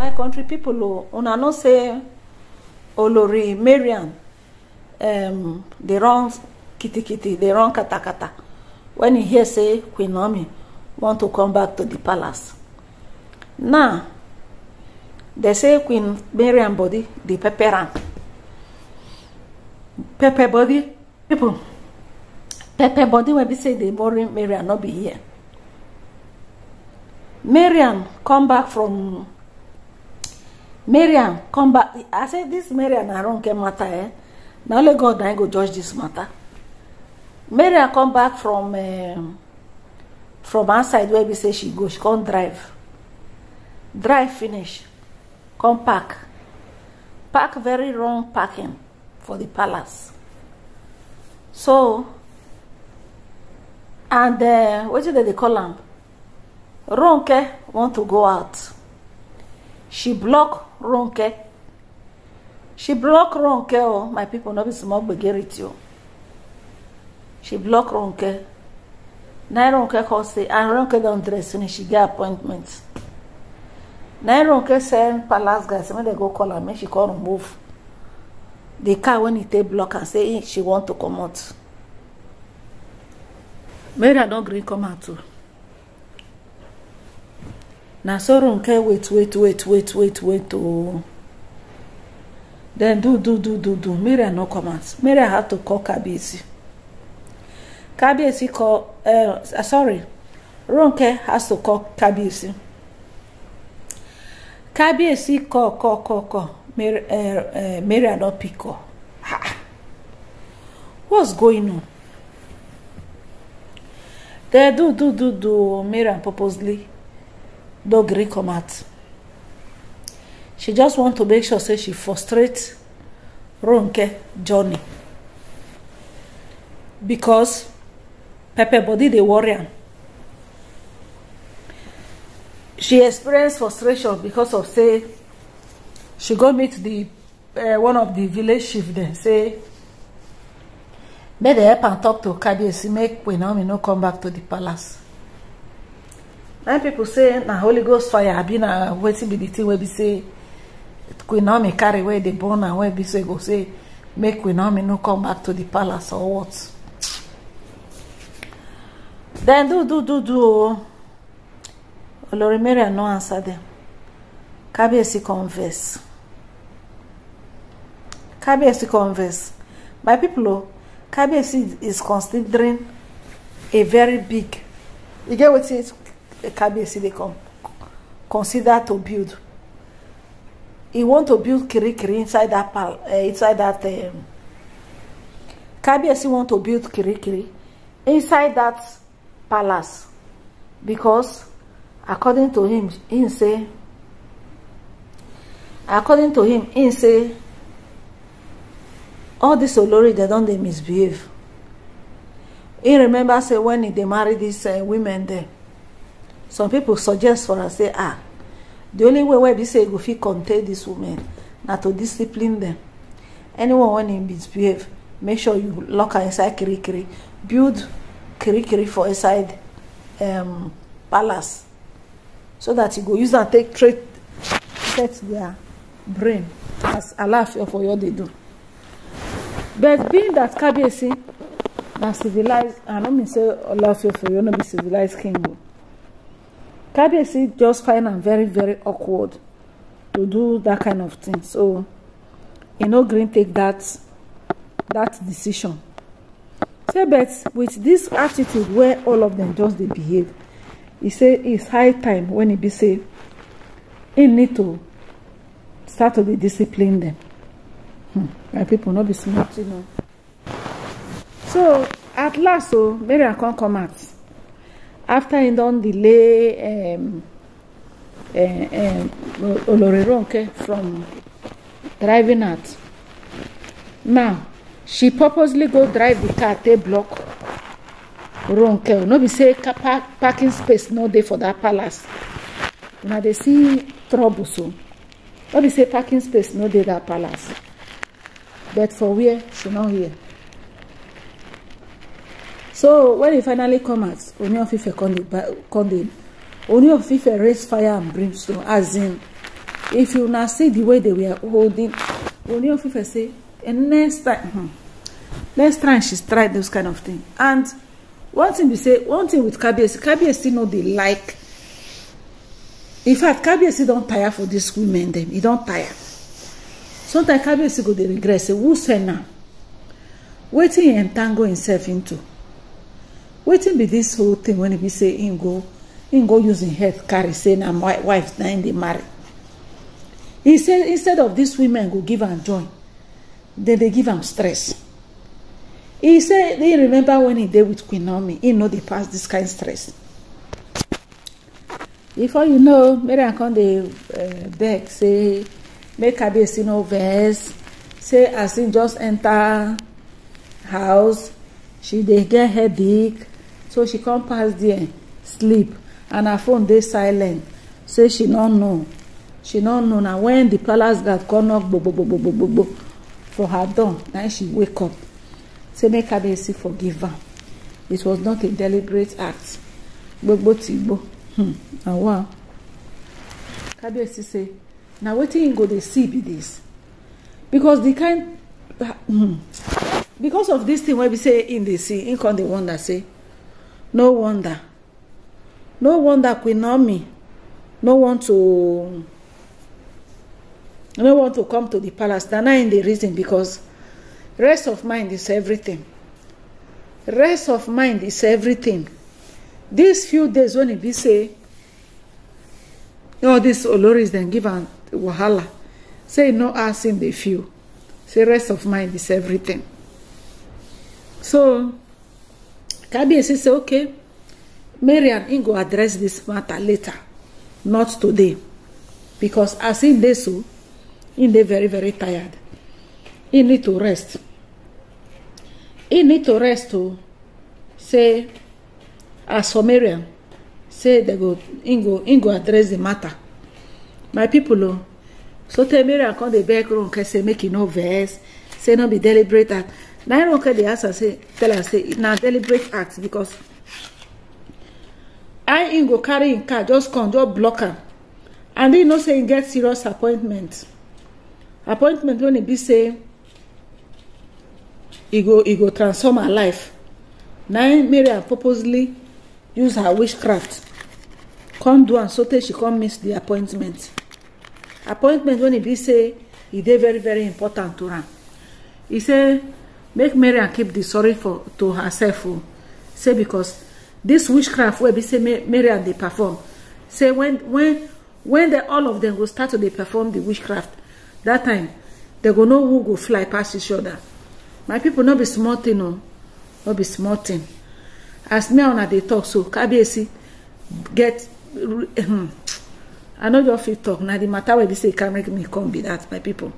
my country people o una know say olori mariam um, dey run kitikiti dey run katakata when he hear say queen naomi want to come back to the palace now they say queen mariam body dey pepper am pepper body people pepper body wey be say dey worry mariam no be here mariam come back from mariam come back i say this, mariam na aronke matter eh na only god na go judge this matter mariam come back from um, from her side wey be say she go she come drive drive finish come park park very wrong parking for the palace so and uh, wetin dem dey call am ronke want to go out she block ronke she block runke oh my people no be small gbegerity o oh. she block runke. na runke call say and ronke don dress finish she get appointment na runke send palace guy say make dem go call am make she call remove the car when he take block am say she want to comot I don gree come out too. Oh na so ronke wait wait wait wait wait wait ooo dem do do do do do miriam no come out miriam had to call kabiyesi kabiyesi call uh, sorry ronke has to call kabiyesi kabiyesi call call call call Mir uh, uh, no pick up. ha what's going on Then do do do do miriam purposely no gree come out she just want to make sure say she frustrate ronke journey because pepper body dey worry am she experience frustration because of say she go meet the uh, one of the village chief dem say make dem help am talk to kabiyesi make Queen Naomi no come back to the palace na people say na holy ghost fire be na wetin be the thing wey be say queen naomi carry wey dey born and wey be say go say make queen naomi no come back to the palace or what then do do do do o oh. olori mariam no answer dem kábíyèsí converse kábíyèsí converse my people o oh, kábíyèsí is considering a very big you get wetin KBC they con consider to build He want to build kirikiri inside that pal uh, inside that um, Kabiyesi want to build kirikiri inside that palace because according to him he say according to him he say all this olori they don't dey misbehave he remember say when he they marry dis uh, women there some people suggest for us say ah the only way where be say go fit contain this woman, na to discipline them. anyone when im misbehave make sure you lock her inside kirikiri build kirikiri for inside um, palace so that you go use am take treat set their brain as alaafin for oyo dey do but being that kabiyesi na civilized i no mean say olaafin of oyo no be civilized king o. Kabiyesi just find am very very awkward to do that kind of thing so he no gree take that that decision say but with this attitude wey all of them just dey behave he say its high time when he be say im e need to start to dey discipline them." hmm, my people no be small thing o so at last o oh, so, Mariam come come out after he don delay um, uh, eh, um, eh, Oloreronke from driving out now she purposely go drive the car take block Ronke no be say parking space no dey for that palace una dey see trouble so no be say parking space no dey that palace but for where she no hear so when he finally come out Ooni of Ife come dey come dey Ooni of raise fire and brimstone as in if you na see the way they were holding oni of say next time hmm, next time she try those kind of thing and one thing be say one thing with Kabiyesi Kabiyesi no dey like in fact Kabiyesi don tire for these women dem e don tire sometimes Kabiyesi go dey regret say who send am wetin he entangle himself into Waiting be this whole thing when he be say ingo, go go use him head carry say my wife now in the marry he say instead of this women go give and joy then they give him stress He say he remember when he did with queen naomi he know they pass this kind stress before you know and come eh, dey beg say make her be a no verse. say as he just enter house she they get headache so she come pass there sleep and her phone dey silent say she no know she no know na when the palace guard come knock gbogbogbogbogbogbo for her door na she wake up say make kabiyesi forgive am it was not a deliberate act gbogbo tigbo hmm, na wow kabiyesi say na wetin im go dey see be dis because the kind hmm, because of dis thing wey be say im dey see im come dey wonder say no wonder no wonder queen naomi no want to no want to come to the palace na na im dey reason because rest of mind is everything rest of mind is everything these few days when e be say all these oloris dem give am wahala say e no ask him dey feel say rest of mind is everything so kabiyesi say okay mariam im go address this matter later not today because as im dey so im dey very very tired im need to rest im need to rest to oh. say as for mariam say they go im go im go address the matter my pipo o oh, sotey mariam come dey beg ronke say make e no vex say no be deliberate Nairoke dey ask her say tell us say na deliberate act because I im go carry im car just come just block am and im know say get serious appointment appointment when e be say e go e go transform her life na im purposely use her witchcraft come do and so sotey she come miss the appointment appointment when e be say e dey very very important to her he say make Mary and keep the sorry for to herself o oh. say because this witchcraft wey be say Mary and they perform say when when when they all of them go start to they perform the witchcraft that time they go know who go fly past each other my people not be small thing o oh. Not be small thing as me on una dey talk so kabiyesi get i know your feet talk na the matter wey be say e can make me come be that my people.